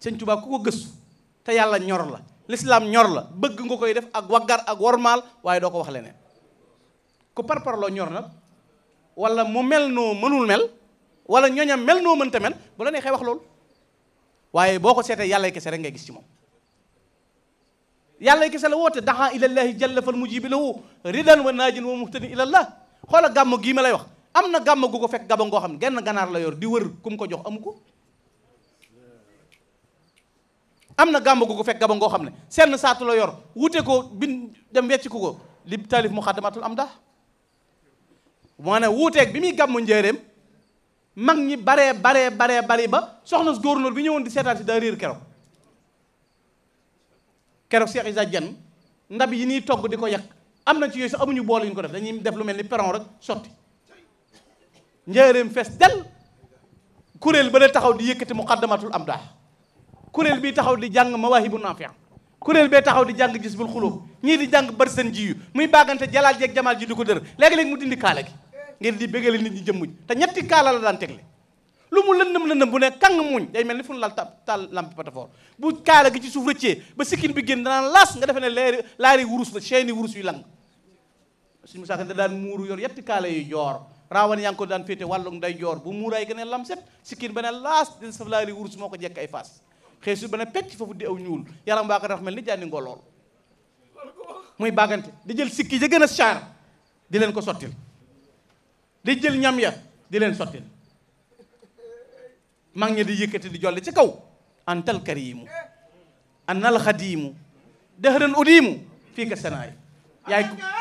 sëñ Tuubaa ku ko gës te yàlla ñor la lislaam ñor la bëgg nga koy def ak waggar ak wormaal waaye doo ko wax leneen ku parparloo ñor na wala mu mel noo mënul mel wala ñooñam mel noo mënta mel bu la neexee wax loolu waaye boo ko seetee yàlla kese rek ngay gis ci moom yàlla kese la woote daxa ilallahi jalla fal mujibi lahu ridan wa naajin wa muhtadin ilallah xoola gàmm gii ma lay wax am na gàmm gu ko fekk gabon goo xam ne genn ganaar la yor di wër kum ko jox amu ko am na gàmmu ko ko fekk gabon ngoo xam ne seen saatuloo la yor wute ko bin dem wecciku ko ko li taalif muxaddamatul am ndax moo ne bi muy gàmmu njéeréem mag ñi baree baree baree bari ba soxna góornóor bi ñëwoon di seetaan si daa riir keroog keroog Cheikh Issa yi ñuy togg di ko yàq am na ci yooyu sax amuñu bool yu ko def dañuy def mel ni peron rek sotti njéeréem fees kuréel ba da taxaw di yëkkati muxaddamatul am ndax kuréel bii taxaw di jàng mawaahibu naafiya kuréel bee taxaw di jàng gis bul xulóob ñii di jàng bari seen ji yu muy bàggante jalaal jeeg jamaal ji di ko dër léegi-léegi mu dindi kaala gi ngir di bégale nit ñi jëmmuñ te ñetti kaala la daan tegle lu mu lëndëm lëndëm bu ne kàng muñ day mel ni fu nu lal taal lampe patafor bu kaala gi ci suuf rëccee ba sikkin bi génn danaan laas nga defe ne leeri laari wurus la chaîne yi wurus yu lang suñu musaaka da daan muuru yor yetti kaala yu joor rawan yaa ngi ko daan féete wàllum day joor bu muuraay gën a lam set sikkin ba ne laas dina saf laari wurus moo ko jekk ay faas xeesu ba na pecc foofu di aw ñuul yaram waa ko dafa mel ni jaani ngolool muy bàggante di jël sikki ja gën a saar di leen ko sottil di jël ñam ya di leen sottil mag ñi di yëkkati di jolli ci kaw antal kariimu annal xadiimu yi udiimu fii ka sanaay yaay